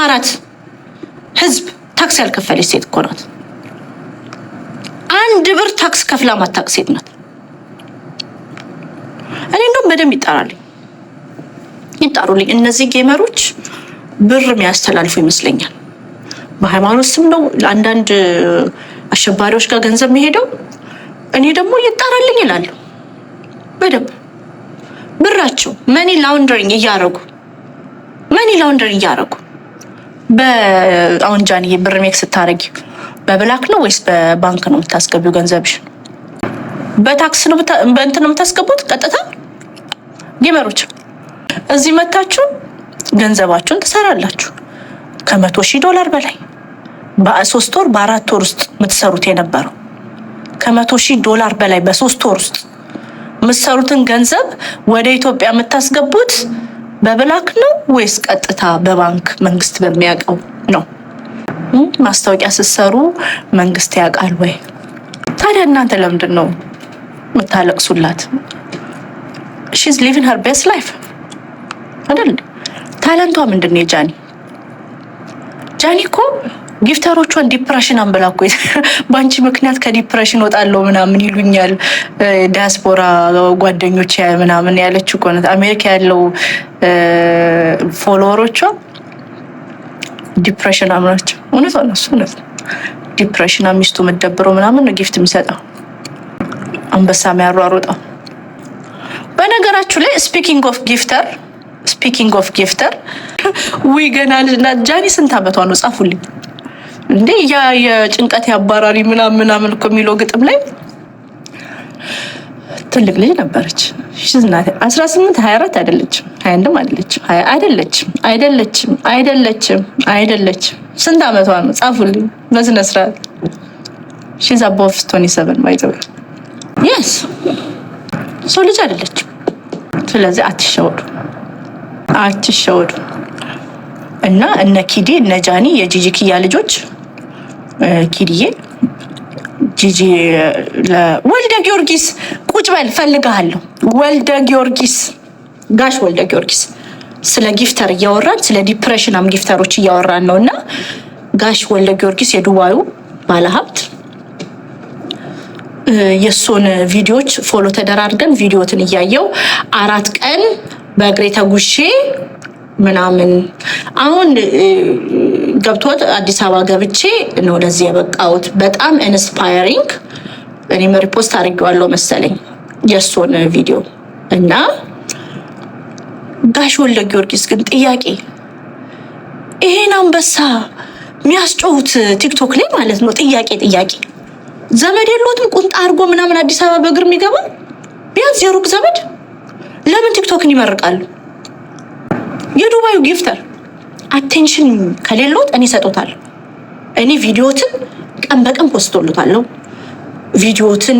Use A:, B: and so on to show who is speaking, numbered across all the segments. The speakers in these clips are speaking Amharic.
A: የአማራት ህዝብ ታክስ ያልከፈለች ሴት እኮ ናት። አንድ ብር ታክስ ከፍላ ማታቅ ሴት ናት። እኔ እንደውም በደንብ ይጣራልኝ ይጣሩልኝ። እነዚህ ጌመሮች ብር የሚያስተላልፉ ይመስለኛል። በሃይማኖት ስም ነው ለአንዳንድ አሸባሪዎች ጋር ገንዘብ የሚሄደው። እኔ ደግሞ ይጣራልኝ ይላሉ። በደንብ ብራቸው መኒ ላውንደሪንግ እያረጉ መኒ ላውንደሪንግ እያረጉ አሁን ጃንዬ ብር ሜክ ስታደርጊ በብላክ ነው ወይስ በባንክ ነው የምታስገቢው? ገንዘብሽ በታክስ ነው በእንትን ነው የምታስገቡት? ቀጥታ ጌመሮች እዚህ መታችሁ ገንዘባችሁን ትሰራላችሁ። ከመቶ ሺህ ዶላር በላይ በሶስት ወር በአራት ወር ውስጥ የምትሰሩት የነበረው ከመቶ ሺህ ዶላር በላይ በሶስት ወር ውስጥ የምትሰሩትን ገንዘብ ወደ ኢትዮጵያ የምታስገቡት በብላክ ነው ወይስ ቀጥታ በባንክ መንግስት በሚያውቀው ነው? ማስታወቂያ ስትሰሩ መንግስት ያውቃል ወይ? ታዲያ እናንተ ለምንድን ነው የምታለቅሱላት? ሺዝ ሊቪን ሀር ቤስት ላይፍ አይደል? ታለንቷ ምንድን ነው? የጃኒ ጃኒ እኮ ጊፍተሮቿን ዲፕሬሽን አንበላ እኮ በአንቺ ምክንያት ከዲፕሬሽን ወጣለው ምናምን ይሉኛል ዲያስፖራ ጓደኞች ምናምን ያለች እኮ ናት። አሜሪካ ያለው ፎሎወሮቿ ዲፕሬሽን አምናቸው እውነት ነሱ እውነት ዲፕሬሽን ሚስቱ የምደብረው ምናምን ነው ጊፍት የሚሰጠው አንበሳ የሚያሯሩጠው። በነገራችሁ ላይ ስፒኪንግ ኦፍ ጊፍተር ስፒኪንግ ኦፍ ጊፍተር ዊገናል ጃኒ ስንት አመቷ ነው? ጻፉልኝ። እንዴ ያ የጭንቀት ያባራሪ ምናምን ምናምን እኮ የሚለው ግጥም ላይ ትልቅ ልጅ ነበረች። ሽዝናት 18 24 አይደለችም፣ 21 አይደለችም፣ አይደለችም፣ አይደለችም፣ አይደለችም፣ አይደለችም። ስንት አመቷ ነው? ጻፉልኝ በስነ ስርዓት። ሺዝ አቦቭ 27 ባይ ዘ ወይ የስ ሰው ልጅ አይደለችም። ስለዚህ አትሸወዱ፣ አትሸወዱ እና እነ ኪዴ እነ ጃኒ የጂጂክያ ልጆች ኪድዬ ጂጂ ወልደ ጊዮርጊስ ቁጭ በል ፈልግሃለሁ። ወልደ ጊዮርጊስ ጋሽ ወልደ ጊዮርጊስ ስለ ጊፍተር እያወራን ስለ ዲፕሬሽናም ጊፍተሮች እያወራን ነው። እና ጋሽ ወልደ ጊዮርጊስ የዱባዩ ባለሀብት የእሱን ቪዲዮዎች ፎሎ ተደራርገን ቪዲዮትን እያየው አራት ቀን በእግሬ ተጉሼ ምናምን አሁን ገብቶት አዲስ አበባ ገብቼ ነው ለዚህ የበቃሁት። በጣም ኢንስፓየሪንግ እኔም ሪፖስት አድርጌዋለሁ መሰለኝ የእሱን ቪዲዮ እና ጋሽ ወልደ ጊዮርጊስ ግን ጥያቄ ይሄን አንበሳ የሚያስጮሁት ቲክቶክ ላይ ማለት ነው። ጥያቄ ጥያቄ ዘመድ የለትም ቁንጣ አድርጎ ምናምን አዲስ አበባ በእግር የሚገባ ቢያንስ የሩቅ ዘመድ ለምን ቲክቶክን ይመርቃሉ? የዱባዩ ጊፍተር አቴንሽን ከሌሎት እኔ ሰጦታል። እኔ ቪዲዮትን ቀን በቀን ፖስቶሎታለሁ። ቪዲዮትን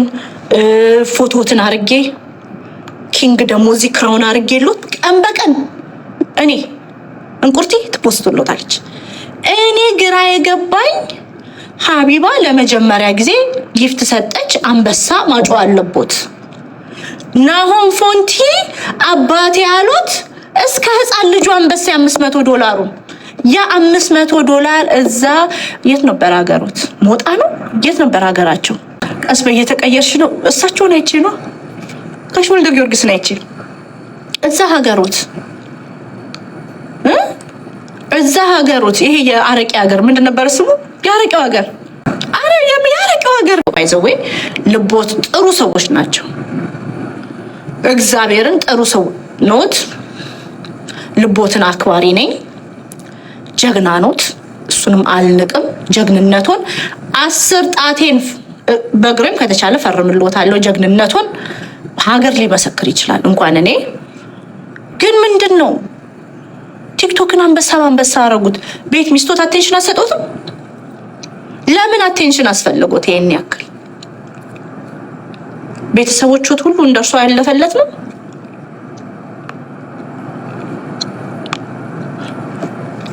A: ፎቶትን አርጌ ኪንግ ደግሞ እዚህ ክራውን አርጌ ሎት ቀን በቀን እኔ እንቁርቲ ትፖስቶሎታለች። እኔ ግራ የገባኝ ሀቢባ ለመጀመሪያ ጊዜ ጊፍት ሰጠች። አንበሳ ማጮ አለቦት ናሆን ፎንቲ አባቴ አሉት እስከ ህፃን ልጁ አንበሳ የአምስት መቶ ዶላሩ የአምስት መቶ ዶላር እዛ የት ነበር ሀገሮት? ሞጣ ነው የት ነበር ሀገራቸው? ቀስ በየተቀየርሽ ነው እሳቸውን አይቼ ነው ከሽ ወልደ ጊዮርጊስ ጊዮርጊስን አይቼ እዛ ሀገሩት እዛ ሀገሩት ይሄ የአረቄ ሀገር ምንድን ነበር ስሙ? የአረቄው ሀገር አረ የአረቄው ሀገር ይዘዌ ልቦት ጥሩ ሰዎች ናቸው። እግዚአብሔርን ጥሩ ሰው ኖት ልቦትን አክባሪ ነኝ። ጀግና ኖት፣ እሱንም አልንቅም። ጀግንነቱን አስር ጣቴን በእግሬም ከተቻለ ፈርምልዎታለሁ። ጀግንነቱን ሀገር ሊመሰክር ይችላል። እንኳን እኔ ግን ምንድን ነው ቲክቶክን አንበሳ በአንበሳ አረጉት። ቤት ሚስቶት አቴንሽን አሰጡትም። ለምን አቴንሽን አስፈልጎት ይሄን ያክል ቤተሰቦቹት ሁሉ እንደርሷ ያለፈለት ነው።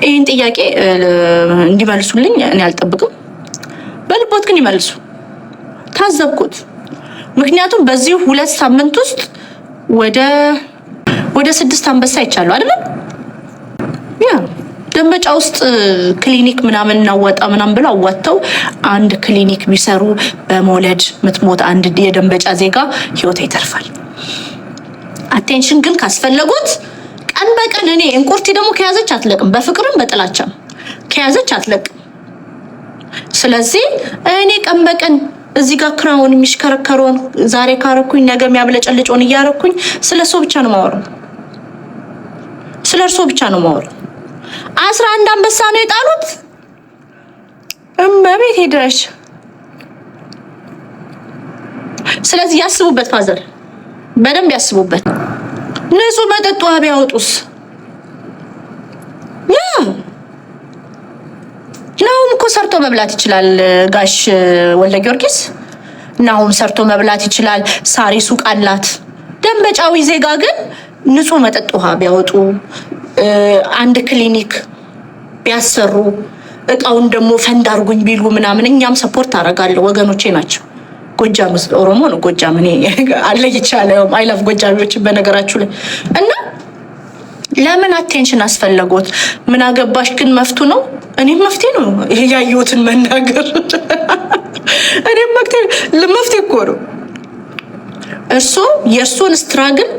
A: ይህን ጥያቄ እንዲመልሱልኝ እኔ አልጠብቅም። በልቦት ግን ይመልሱ፣ ታዘብኩት። ምክንያቱም በዚህ ሁለት ሳምንት ውስጥ ወደ ወደ ስድስት አንበሳ ይቻሉ አይደለም ያ ደንበጫ ውስጥ ክሊኒክ ምናምን እናዋጣ ምናምን ብለው አዋጥተው አንድ ክሊኒክ ቢሰሩ በመውለድ ምትሞት አንድ የደንበጫ ዜጋ ህይወት ይተርፋል። አቴንሽን ግን ካስፈለጉት ቀን በቀን እኔ እንቁርቲ ደግሞ ከያዘች አትለቅም፣ በፍቅርም በጥላቻም ከያዘች አትለቅም። ስለዚህ እኔ ቀን በቀን እዚህ ጋር ክራውን የሚሽከረከረውን ዛሬ ካረኩኝ ነገ የሚያብለጨልጨውን እያረኩኝ ስለ እርሶ ብቻ ነው ማወራው። ስለ እርሶ ብቻ ነው ማወራው። አስራ አንድ አንበሳ ነው የጣሉት። እመቤቴ ድረሽ። ስለዚህ ያስቡበት ፋዘር፣ በደንብ ያስቡበት። ንጹህ መጠጥ ውሃ ቢያወጡስ? ያ ናሁም እኮ ሰርቶ መብላት ይችላል። ጋሽ ወልደ ጊዮርጊስ ናሁም ሰርቶ መብላት ይችላል። ሳሪ ሱቅ አላት። ደንበጫዊ ዜጋ ግን ንጹህ መጠጥ ውሃ ቢያወጡ አንድ ክሊኒክ ቢያሰሩ እቃውን ደግሞ ፈንድ አርጉኝ ቢሉ ምናምን እኛም ሰፖርት አደርጋለሁ። ወገኖቼ ናቸው። ጎጃም ውስጥ ኦሮሞ ነው። ጎጃም እኔ አለ አይ አይላፍ ጎጃሚዎችን በነገራችሁ ላይ እና ለምን አቴንሽን አስፈለጎት? ምን አገባሽ ግን መፍቱ ነው። እኔም መፍትሄ ነው ይሄ ያየሁትን መናገር። እኔም መፍትሄ እኮ ነው። እርሶ የእርሶን ስትራግል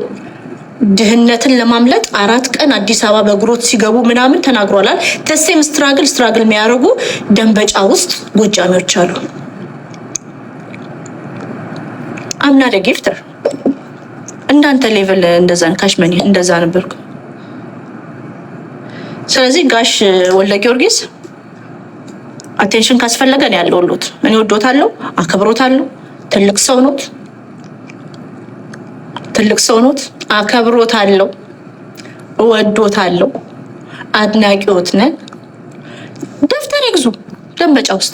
A: ድህነትን ለማምለጥ አራት ቀን አዲስ አበባ በግሮት ሲገቡ ምናምን ተናግሯላል። ተሴም ስትራግል ስትራግል የሚያደርጉ ደንበጫ ውስጥ ጎጃሚዎች አሉ። አምና አምናደ ጊፍተር እንዳንተ ሌቭል እንደዛን ካሽመኒ እንደዛ ነበርኩ። ስለዚህ ጋሽ ወልደ ጊዮርጊስ አቴንሽን ካስፈለገን ያለው ሁሉት እኔ ወዶታለሁ፣ አከብሮታለሁ። ትልቅ ሰው ኖት፣ ትልቅ ሰው ኖት። አከብሮታለሁ፣ እወዶታለሁ። አድናቂዎት ነን። ደብተር ይግዙ ደንበጫ ውስጥ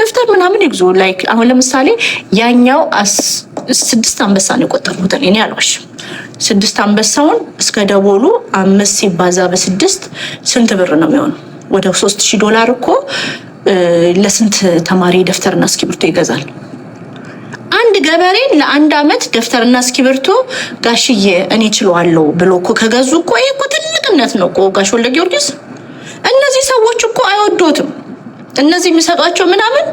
A: ደፍተር ምናምን ይግዙ። ላይክ አሁን ለምሳሌ ያኛው ስድስት አንበሳ ነው የቆጠርኩት እኔ አልዋሽም። ስድስት አንበሳውን እስከ ደቦሉ አምስት ሲባዛ በስድስት ስንት ብር ነው የሚሆነው? ወደ ሶስት ሺህ ዶላር እኮ ለስንት ተማሪ ደፍተርና እስክሪብቶ ይገዛል? አንድ ገበሬ ለአንድ አመት ደፍተርና እስክሪብቶ ጋሽዬ እኔ ችለዋለሁ ብሎ እኮ ከገዙ እኮ ይሄ እኮ ትልቅነት ነው እኮ ጋሽ ወልደ ጊዮርጊስ። እነዚህ ሰዎች እኮ አይወዱትም። እነዚህ የሚሰጧቸው ምናምን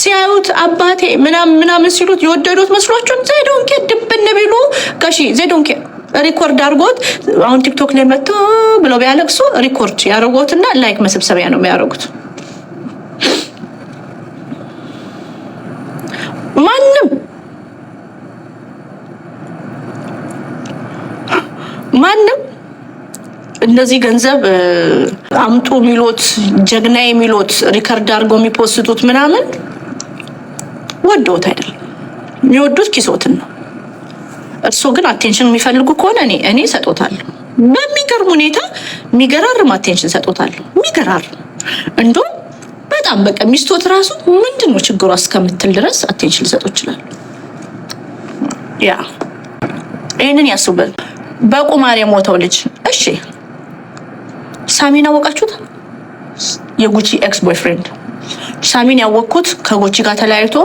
A: ሲያዩት አባቴ ምናምን ምናምን ሲሉት የወደዱት መስሏቸውን ዘዶንኬ ድብን ቢሉ ከሺ ዘዶንኬ ሪኮርድ አድርጎት አሁን ቲክቶክ ላይ መጥቶ ብሎ ቢያለቅሱ ሪኮርድ ያደርጎትና ላይክ መሰብሰቢያ ነው የሚያደርጉት። ማንም ማንም እነዚህ ገንዘብ አምጡ የሚሉት ጀግና የሚሉት ሪከርድ አድርጎ የሚፖስቱት ምናምን ወደውት አይደለም። የሚወዱት ኪሶትን ነው። እርስዎ ግን አቴንሽን የሚፈልጉ ከሆነ እኔ እኔ እሰጦታለሁ። በሚገርም ሁኔታ የሚገራርም አቴንሽን እሰጦታለሁ። የሚገራርም እንዲሁም በጣም በቃ ሚስቶት ራሱ ምንድን ነው ችግሯ እስከምትል ድረስ አቴንሽን ልሰጦ ይችላል። ያ ይህንን ያስቡበት። በቁማር የሞተው ልጅ እሺ ሳሚን አወቃችሁት? የጉቺ ኤክስ ቦይፍሬንድ ሳሚን ያወቅኩት ከጉቺ ጋር ተለያይቶ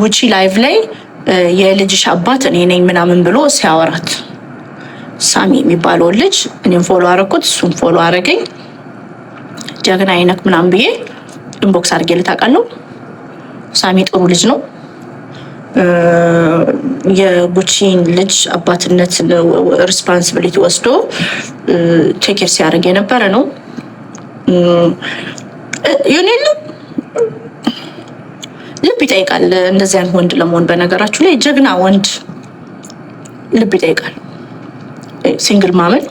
A: ጉቺ ላይቭ ላይ የልጅሽ አባት እኔ ነኝ ምናምን ብሎ ሲያወራት ሳሚ የሚባለውን ልጅ እኔም ፎሎ አረኩት፣ እሱም ፎሎ አረገኝ። ጀግና አይነት ምናምን ብዬ ኢንቦክስ አድርጌ ልታውቃለሁ። ሳሚ ጥሩ ልጅ ነው። የጉቺን ልጅ አባትነት ሪስፓንስብሊቲ ወስዶ ቴኬር ሲያደርግ የነበረ ነው። ዩኔሉ ልብ ይጠይቃል። እንደዚህ አይነት ወንድ ለመሆን በነገራችሁ ላይ ጀግና ወንድ ልብ ይጠይቃል። ሲንግል ማመን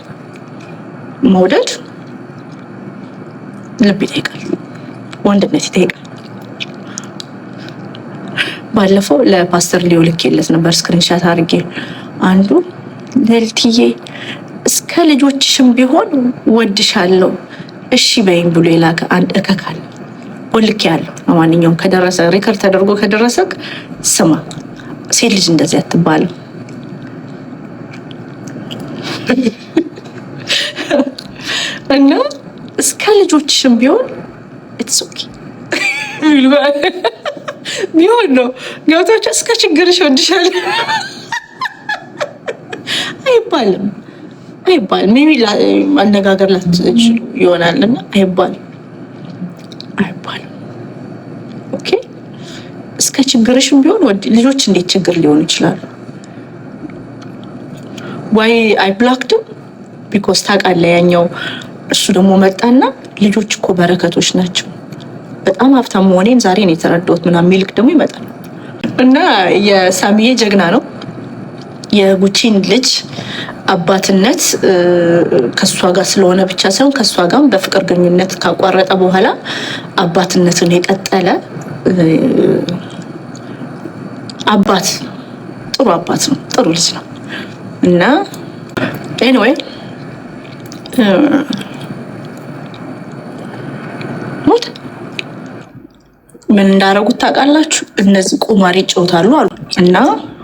A: መውደድ ልብ ይጠይቃል። ወንድነት ይጠይቃል። ባለፈው ለፓስተር ሊዮ ልኬለት ነበር ስክሪንሻት አድርጌ አንዱ ለልትዬ እስከ ልጆችሽም ቢሆን ወድሻለሁ እሺ በይም ብሎ የላከ አንድ እከካል ወልክ ያለው ለማንኛውም ከደረሰ ሪከርድ ተደርጎ ከደረሰ ስማ፣ ሴት ልጅ እንደዚህ አትባልም። እና እስከ ልጆችሽም ቢሆን ኢትስ ኦኬ ቢሆን ነው ገብታቸው እስከ ችግርሽ እወድሻለሁ አይባልም። አይባልም ሚሚ አነጋገር ላትችሉ ይሆናልና አይባልም። አይባልም አይባልም እስከ ችግርሽም ቢሆን ልጆች እንዴት ችግር ሊሆኑ ይችላሉ? ዋይ አይ ብላክድም ቢኮዝ ታውቃለህ፣ ያኛው እሱ ደግሞ መጣና ልጆች እኮ በረከቶች ናቸው በጣም ሀብታም መሆኔን ዛሬ ነው የተረዳሁት ምናምን ሚልክ ደግሞ ይመጣል እና የሳሚዬ ጀግና ነው። የጉቺን ልጅ አባትነት ከእሷ ጋር ስለሆነ ብቻ ሳይሆን ከእሷ ጋር በፍቅር ግንኙነት ካቋረጠ በኋላ አባትነትን የቀጠለ አባት ጥሩ አባት ነው። ጥሩ ልጅ ነው እና ኤኒዌይ ምን እንዳረጉት ታውቃላችሁ? እነዚህ ቁማር ይጫወታሉ አሉ እና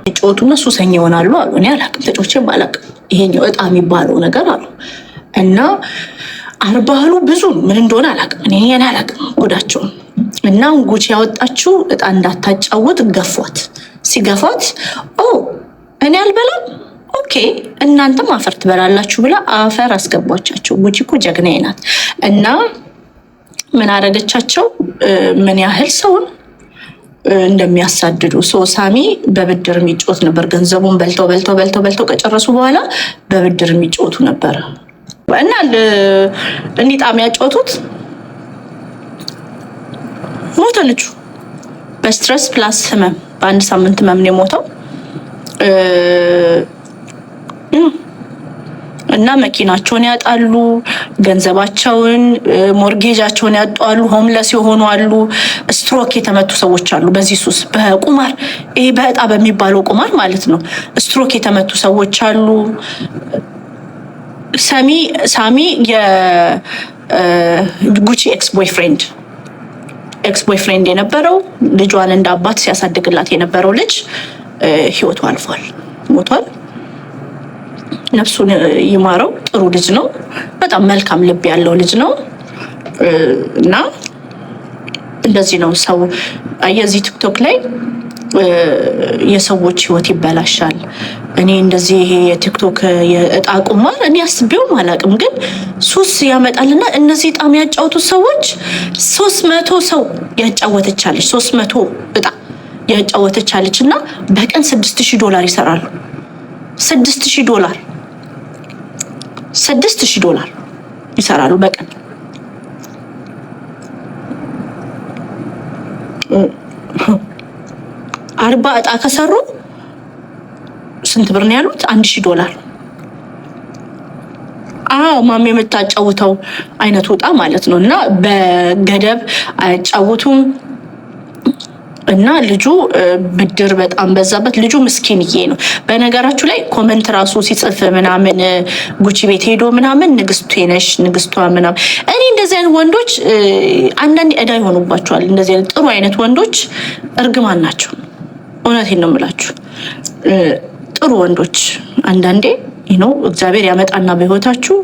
A: ይጫወቱና ሱሰኛ ይሆናሉ አሉ። እኔ አላቅም ተጫውቼም አላቅም። ይሄኛው እጣ የሚባለው ነገር አሉ እና አርባህሉ ብዙ ምን እንደሆነ አላቅም። እኔ ያን አላቅም ጎዳቸውን እና ጉቺ ያወጣችው እጣ እንዳታጫወት ገፏት። ሲገፏት ኦ እኔ አልበላም ኦኬ እናንተም አፈር ትበላላችሁ ብላ አፈር አስገቧቻቸው። ጉቺ እኮ ጀግናዬ ናት እና ምን አረገቻቸው? ምን ያህል ሰውን እንደሚያሳድዱ ሶ ሳሚ በብድር የሚጫወት ነበር። ገንዘቡን በልተው በልተው በልተው በልተው ከጨረሱ በኋላ በብድር የሚጫወቱ ነበር እና እንዲህ ጣም ያጫወቱት ሞተ። ልጁ በስትረስ ፕላስ ህመም፣ በአንድ ሳምንት ህመም ነው የሞተው። እና መኪናቸውን ያጣሉ፣ ገንዘባቸውን፣ ሞርጌጃቸውን ያጣሉ፣ ሆምለስ የሆኑ አሉ፣ ስትሮክ የተመቱ ሰዎች አሉ። በዚህ ሱስ በቁማር ይሄ በእጣ በሚባለው ቁማር ማለት ነው። ስትሮክ የተመቱ ሰዎች አሉ። ሰሚ ሳሚ የጉቺ ኤክስ ቦይፍሬንድ ኤክስ ቦይፍሬንድ የነበረው ልጇን እንደ አባት ሲያሳድግላት የነበረው ልጅ ህይወቱ አልፏል፣ ሞቷል። ነፍሱን ይማረው። ጥሩ ልጅ ነው። በጣም መልካም ልብ ያለው ልጅ ነው እና እንደዚህ ነው ሰው የዚህ ቲክቶክ ላይ የሰዎች ህይወት ይበላሻል። እኔ እንደዚህ ይሄ የቲክቶክ የእጣ ቁማር እኔ አስቤውም አላውቅም፣ ግን ሱስ ያመጣልና እነዚህ እጣም ያጫወቱት ሰዎች ሶስት መቶ ሰው ያጫወተቻለች ሶስት መቶ እጣ ያጫወተቻለች እና በቀን ስድስት ሺህ ዶላር ይሰራሉ። ስድስት ሺህ ዶላር ስድስት ሺህ ዶላር ይሰራሉ በቀን አርባ እጣ ከሰሩ ስንት ብር ነው ያሉት? አንድ ሺህ ዶላር። አዎ ማሜ የምታጫውተው አይነት ወጣ ማለት ነው። እና በገደብ አያጫውቱም። እና ልጁ ብድር በጣም በዛበት። ልጁ ምስኪንዬ ነው። በነገራችሁ ላይ ኮመንት ራሱ ሲጽፍ ምናምን ጉቺ ቤት ሄዶ ምናምን ንግስቱ ነሽ ንግስቷ ምናምን። እኔ እንደዚህ አይነት ወንዶች አንዳንድ እዳ ይሆኑባቸዋል። እንደዚህ አይነት ጥሩ አይነት ወንዶች እርግማን ናቸው። እውነቴን ነው የምላችሁ። ጥሩ ወንዶች አንዳንዴ ነው እግዚአብሔር ያመጣና በህይወታችሁ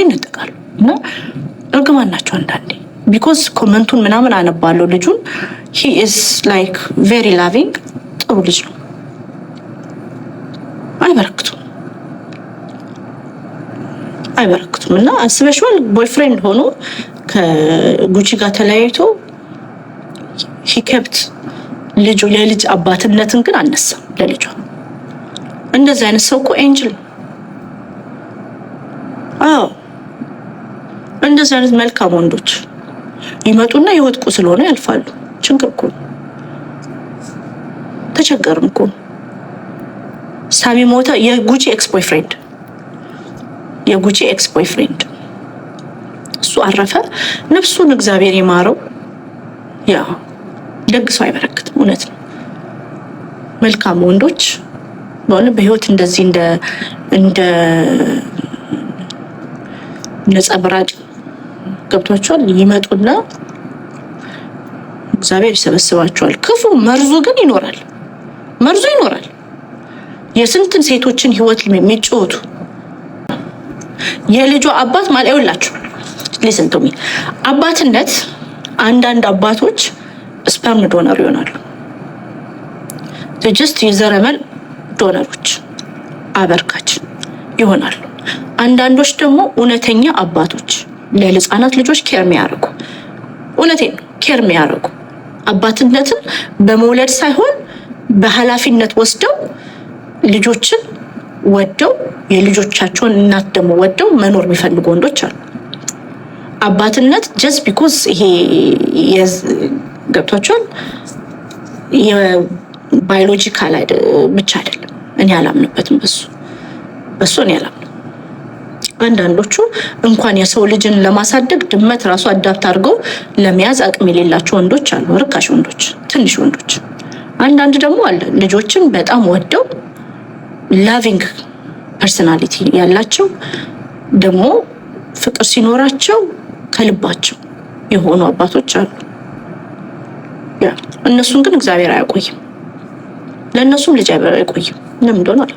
A: ይነጠቃሉ እና እርግማን ናቸው አንዳንዴ ቢኮዝ ኮመንቱን ምናምን አነባለሁ። ልጁን ሂ ኢዝ ላይክ ቬሪ ላቪንግ ጥሩ ልጅ ነው። አይበረክቱም አይበረክቱም። እና አስበሽዋል? ቦይፍሬንድ ሆኖ ከጉቺ ጋር ተለያይቶ ሂ ልጁ የልጅ አባትነትን ግን አነሳም ለልጇ። እንደዚህ አይነት ሰው እኮ ኤንጅል ነው። አዎ እንደዚህ አይነት መልካም ወንዶች ይመጡና ይወጥቁ ስለሆነ ያልፋሉ። ችግር እኮ ተቸገርም እኮ ሳሚ ሞተ። የጉቺ ኤክስ ቦይፍሬንድ የጉቺ ኤክስ ቦይፍሬንድ እሱ አረፈ። ነፍሱን እግዚአብሔር ይማረው። ያ ደግ ሰው አይበረክትም። እውነት ነው። መልካም ወንዶች በሆነ በህይወት እንደዚህ እንደ እንደ ነጸብራቅ ገብቷቸዋል። ይመጡና እግዚአብሔር ይሰበስባቸዋል። ክፉ መርዙ ግን ይኖራል፣ መርዙ ይኖራል። የስንትን ሴቶችን ህይወት የሚጫወቱ የልጇ አባት ማለት ይውላችሁ ሊስን ቶሚ አባትነት አንዳንድ አባቶች ስፐርም ዶነር ይሆናሉ። ጀስት የዘረመል ዶነሮች አበርካች ይሆናሉ። አንዳንዶች ደግሞ እውነተኛ አባቶች ለህፃናት ልጆች ኬር የሚያደርጉ እውነቴ ኬር የሚያደርጉ አባትነትን በመውለድ ሳይሆን በኃላፊነት ወስደው ልጆችን ወደው የልጆቻቸውን እናት ደግሞ ወደው መኖር የሚፈልጉ ወንዶች አሉ። አባትነት ጀስት ቢኮዝ ይሄ ገብቷቸውን የባዮሎጂካል ብቻ አይደለም። እኔ አላምንበትም። በሱ በሱ እኔ አላምንበትም። አንዳንዶቹ እንኳን የሰው ልጅን ለማሳደግ ድመት ራሱ አዳብት አድርገው ለመያዝ አቅም የሌላቸው ወንዶች አሉ። ርካሽ ወንዶች፣ ትንሽ ወንዶች። አንዳንድ ደግሞ አለ ልጆችን በጣም ወደው ላቪንግ ፐርሰናሊቲ ያላቸው ደግሞ ፍቅር ሲኖራቸው ከልባቸው የሆኑ አባቶች አሉ። እነሱን ግን እግዚአብሔር አያቆይም፣ ለእነሱም ልጅ አይቆይም። ለምን እንደሆነ አለ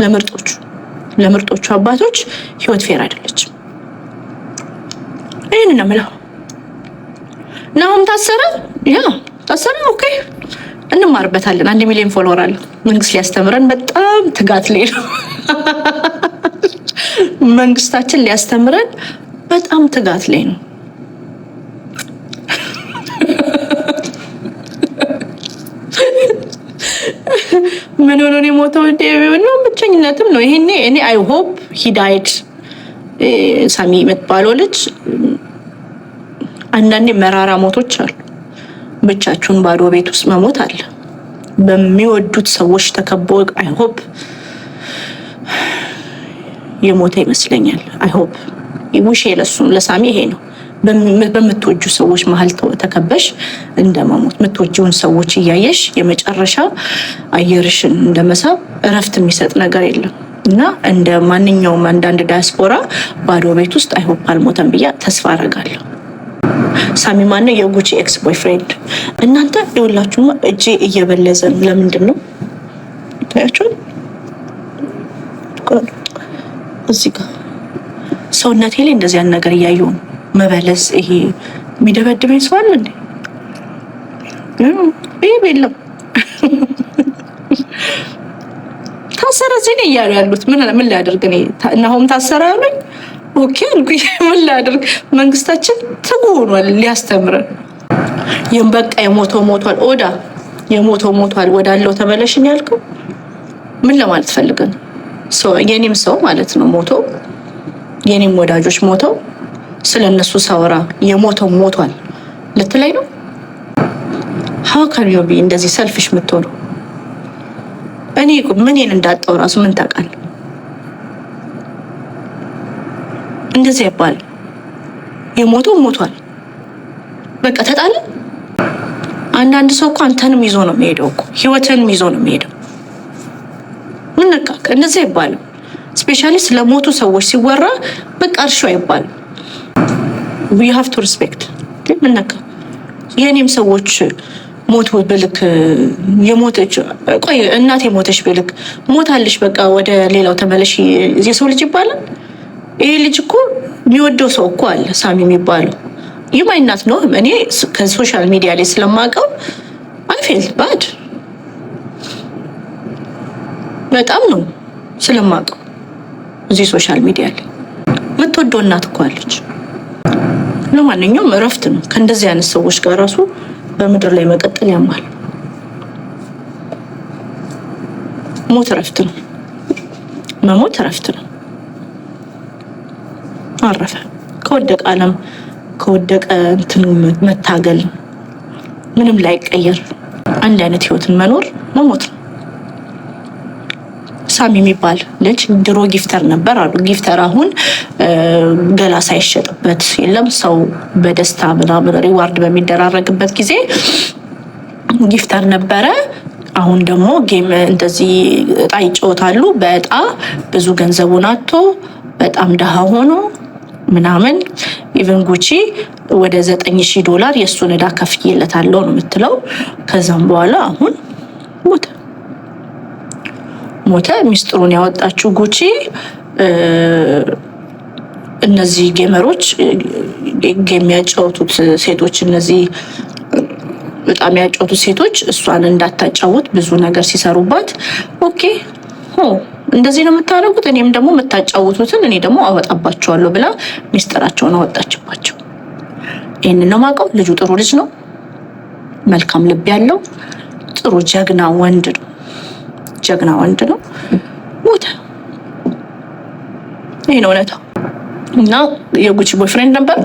A: ለምርጦቹ ለምርጦቹ አባቶች ህይወት ፌር አይደለችም። ይህን ነው የምለው። ናሁም ታሰረ፣ ያ ታሰረ። ኦኬ እንማርበታለን። አንድ ሚሊዮን ፎሎወር አለ። መንግስት ሊያስተምረን በጣም ትጋት ላይ ነው። መንግስታችን ሊያስተምረን በጣም ትጋት ላይ ነው። ምን ሆኖ ነው የሞተው? ነው ብቸኝነትም ነው። ይሄኔ እኔ አይ ሆፕ ሂ ዳይድ ሳሚ የምትባለው ልጅ። አንዳንዴ መራራ ሞቶች አሉ። ብቻችሁን ባዶ ቤት ውስጥ መሞት አለ። በሚወዱት ሰዎች ተከቦ አይ ሆፕ የሞተ ይመስለኛል። አይ ሆፕ ውሽ ለሱም ለሳሚ ይሄ ነው። በምትወጁ ሰዎች መሀል ተከበሽ እንደመሞት የምትወጂውን ሰዎች እያየሽ የመጨረሻ አየርሽን እንደመሳብ እረፍት የሚሰጥ ነገር የለም እና እንደ ማንኛውም አንዳንድ ዳያስፖራ ባዶ ቤት ውስጥ አይሆን አልሞተም ብያ ተስፋ አረጋለሁ። ሳሚ ማነ የጉቺ ኤክስ ቦይፍሬንድ። እናንተ የወላችሁ እጅ እየበለዘ ለምንድን ነው ታያችሁን? እዚህ ጋር ሰውነቴ ላይ እንደዚህ ነገር እያየሁ ነው መበለስ ይሄ የሚደበድበኝ ሰው አለ እንዴ? ይህ የለም ታሰረ ዜ እያሉ ያሉት ምን ላድርግ እኔ እናሁም ታሰረ ያሉኝ ኦኬ አልኩኝ ምን ላድርግ መንግስታችን ትጉ ሆኗል ሊያስተምረን ይህም በቃ የሞተው ሞቷል ኦዳ የሞተው ሞቷል ወዳለው ተመለሽን ያልከው ምን ለማለት ፈልገን የኔም ሰው ማለት ነው ሞቶ የኔም ወዳጆች ሞተው ስለ እነሱ ሳወራ የሞተው ሞቷል ልትለኝ ነው? ሀው ካን ዩ ቢ እንደዚህ ሰልፍሽ የምትሆነው? እኔ ምኔን እንዳጣው ራሱ ምን ታቃል? እንደዚህ ይባል የሞተው ሞቷል፣ በቃ ተጣለ። አንዳንድ ሰው እኮ አንተንም ይዞ ነው የሚሄደው እኮ ህይወትንም ይዞ ነው የሚሄደው። ምን ነካክ? እንደዚህ አይባልም። ስፔሻሊስት ለሞቱ ሰዎች ሲወራ በቃ እርሾ አይባልም። ዩ ሃቭ ቱ ሪስፔክት ምነካ የእኔም ሰዎች ሞት ብልክ የሞተች ቆይ እናቴ ሞተች ብልክ ሞታለች፣ በቃ ወደ ሌላው ተመለሽ የሰው ልጅ ይባላል። ይሄ ልጅ እኮ የሚወደው ሰው እኮ አለ ሳሚ የሚባለው ይማይናት ነው። እኔ ከሶሻል ሚዲያ ላይ ስለማውቀው አይፌል ባድ በጣም ነው ስለማውቀው እዚህ ሶሻል ሚዲያ ላይ የምትወደው እናት እኮ አለች። ለማንኛውም እረፍት ነው። ከእንደዚህ አይነት ሰዎች ጋር ራሱ በምድር ላይ መቀጠል ያማል። ሞት እረፍት ነው። መሞት እረፍት ነው። አረፈ። ከወደቀ ዓለም ከወደቀ እንትኑ መታገል ምንም ላይቀየር አንድ አይነት ህይወትን መኖር መሞት ነው። ሳሚ የሚባል ልጅ ድሮ ጊፍተር ነበር አሉ። ጊፍተር አሁን ገላ ሳይሸጥበት የለም። ሰው በደስታ ምናምን ሪዋርድ በሚደራረግበት ጊዜ ጊፍተር ነበረ። አሁን ደግሞ ጌም እንደዚህ እጣ ይጫወታሉ። በእጣ ብዙ ገንዘቡን አቶ በጣም ደሃ ሆኖ ምናምን ኢቨን ጉቺ ወደ ዘጠኝ ሺህ ዶላር የእሱን እዳ ከፍዬለታለሁ ነው የምትለው። ከዛም በኋላ አሁን ሞተ። ሞተ። ሚስጥሩን ያወጣችው ጉቺ እነዚህ ጌመሮች የሚያጫወቱት ሴቶች እነዚህ በጣም ያጫወቱት ሴቶች እሷን እንዳታጫወት ብዙ ነገር ሲሰሩባት፣ ኦኬ ሆ እንደዚህ ነው የምታደርጉት፣ እኔም ደግሞ የምታጫወቱትን እኔ ደግሞ አወጣባቸዋለሁ ብላ ሚስጥራቸውን አወጣችባቸው። ይህንን ነው ማውቀው ልጁ ጥሩ ልጅ ነው፣ መልካም ልብ ያለው ጥሩ ጀግና ወንድ ነው። ጀግና ወንድ ነው። ሞተ። ይህ ነው እውነታው። እና የጉቺ ቦይፍሬንድ ነበር።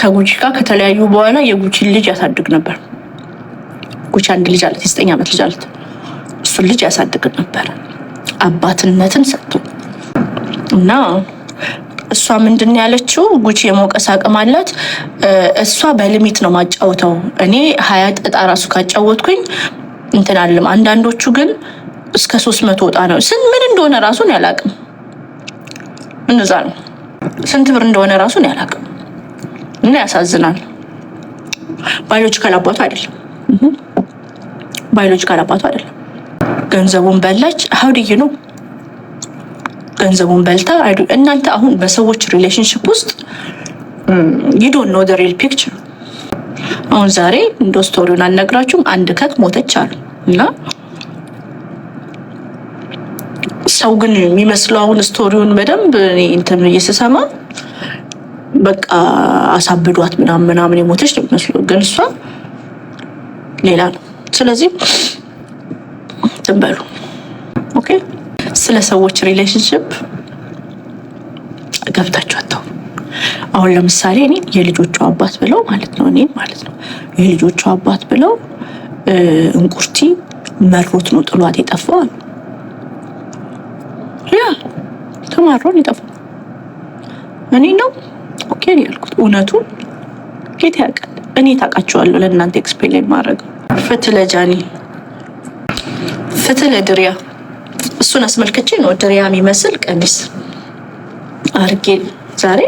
A: ከጉቺ ጋር ከተለያዩ በኋላ የጉቺ ልጅ ያሳድግ ነበር። ጉቺ አንድ ልጅ አለት፣ የዘጠኝ ዓመት ልጅ አለት። እሱን ልጅ ያሳድግ ነበር አባትነትን ሰጥቶ እና እሷ ምንድን ያለችው ጉቺ የመውቀስ አቅም አላት። እሷ በሊሚት ነው ማጫወተው። እኔ ሀያ ጠጣ ራሱ ካጫወትኩኝ እንትን አለም። አንዳንዶቹ ግን እስከ ሶስት መቶ ወጣ ነው ስን ምን እንደሆነ ራሱን ያላቅም። እንዛ ነው ስንት ብር እንደሆነ ራሱን ያላቅም እና ያሳዝናል። ባዮሎጂካል አባቱ አይደለም፣ ባዮሎጂካል አባቱ አይደለም። ገንዘቡን በላች። ሀውድይ ነው ገንዘቡን በልታ አይዱ እናንተ አሁን በሰዎች ሪሌሽንሽፕ ውስጥ ይዶን ነው ሪል ፒክቸር። አሁን ዛሬ እንደ ስቶሪውን አልነግራችሁም። አንድ ከክ ሞተች አሉ እና ሰው ግን የሚመስለው አሁን ስቶሪውን በደንብ እንትን እየስሰማ በቃ አሳብዷት ምናምን ምናምን የሞተች ነው የሚመስሉ፣ ግን እሷ ሌላ ነው። ስለዚህ ትንበሉ ኦኬ። ስለ ሰዎች ሪሌሽንሽፕ ገብታችሁ አታው አሁን ለምሳሌ እኔ የልጆቹ አባት ብለው ማለት ነው እኔ ማለት ነው የልጆቹ አባት ብለው እንቁርቲ መሮት ነው ጥሏት የጠፋው አሉ ተማሮን ይጠፋል። እኔ ነው ኦኬ ነው ያልኩት። እውነቱ ጌታ ያውቃል። እኔ ታውቃቸዋለሁ። ለእናንተ ኤክስፕሌን ማድረግ ፍትህ ለጃኒ ፍትህ ለድሪያ እሱን አስመልክቼ ነው ድሪያ የሚመስል ቀሚስ አርጌ ዛሬ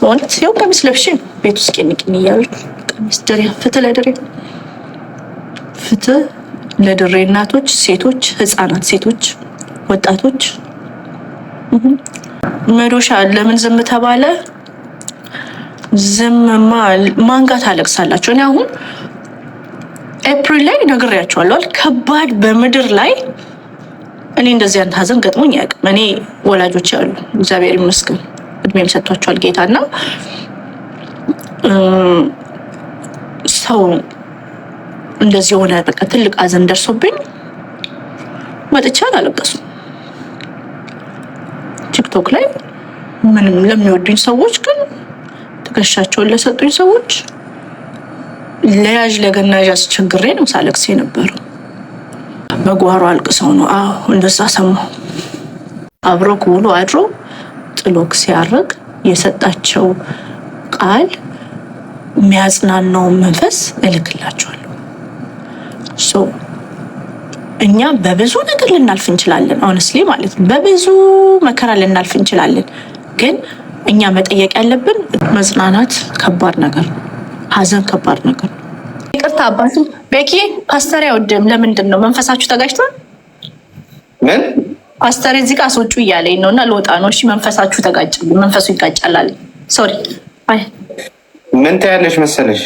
A: በእውነት ያው ቀሚስ ለብሼ ነው ቤት ውስጥ ቅንቅን እያሉ ቀሚስ ድሪያ ፍትህ ለድሪያ ፍትህ ለድሬ እናቶች፣ ሴቶች፣ ህፃናት፣ ሴቶች፣ ወጣቶች መዶሻ ለምን ዝም ተባለ? ዝም ማንጋት አለቅሳላቸው። እኔ አሁን ኤፕሪል ላይ ነግሬያቸዋለሁ። ከባድ በምድር ላይ እኔ እንደዚህ አይነት ሀዘን ገጥሞኝ አያውቅም። እኔ ወላጆች ያሉ እግዚአብሔር ይመስገን እድሜም ሰጥቷቸዋል ጌታ እና ሰው እንደዚህ የሆነ በቃ ትልቅ ሀዘን ደርሶብኝ መጥቻ አላለቀሱም። ቲክቶክ ላይ ምንም ለሚወዱኝ ሰዎች ግን ትከሻቸውን ለሰጡኝ ሰዎች ለያዥ ለገናዥ አስቸግሬ ነው ሳለቅስ የነበረው። በጓሮ አልቅሰው ነው። አዎ እንደዛ ሰማሁ። አብሮክ ውሎ አድሮ ጥሎክ ሲያርግ የሰጣቸው ቃል የሚያጽናናውን መንፈስ እልክላቸዋለሁ። እኛ በብዙ ነገር ልናልፍ እንችላለን። ኦነስሊ ማለት ነው በብዙ መከራ ልናልፍ እንችላለን። ግን እኛ መጠየቅ ያለብን መጽናናት ከባድ ነገር ነው። ሀዘን ከባድ ነገር ነው። ይቅርታ አባቱ ቤኪ ፓስተር አይወድም። ለምንድን ነው መንፈሳችሁ ተጋጭቷል? ምን ፓስተር እዚህ ጋር አስወጪ እያለኝ ነው እና ልወጣ ነው። እሺ መንፈሳችሁ ተጋጭ፣ መንፈሱ ይጋጫል አለኝ። ሶሪ
B: ምን ታያለሽ መሰለሽ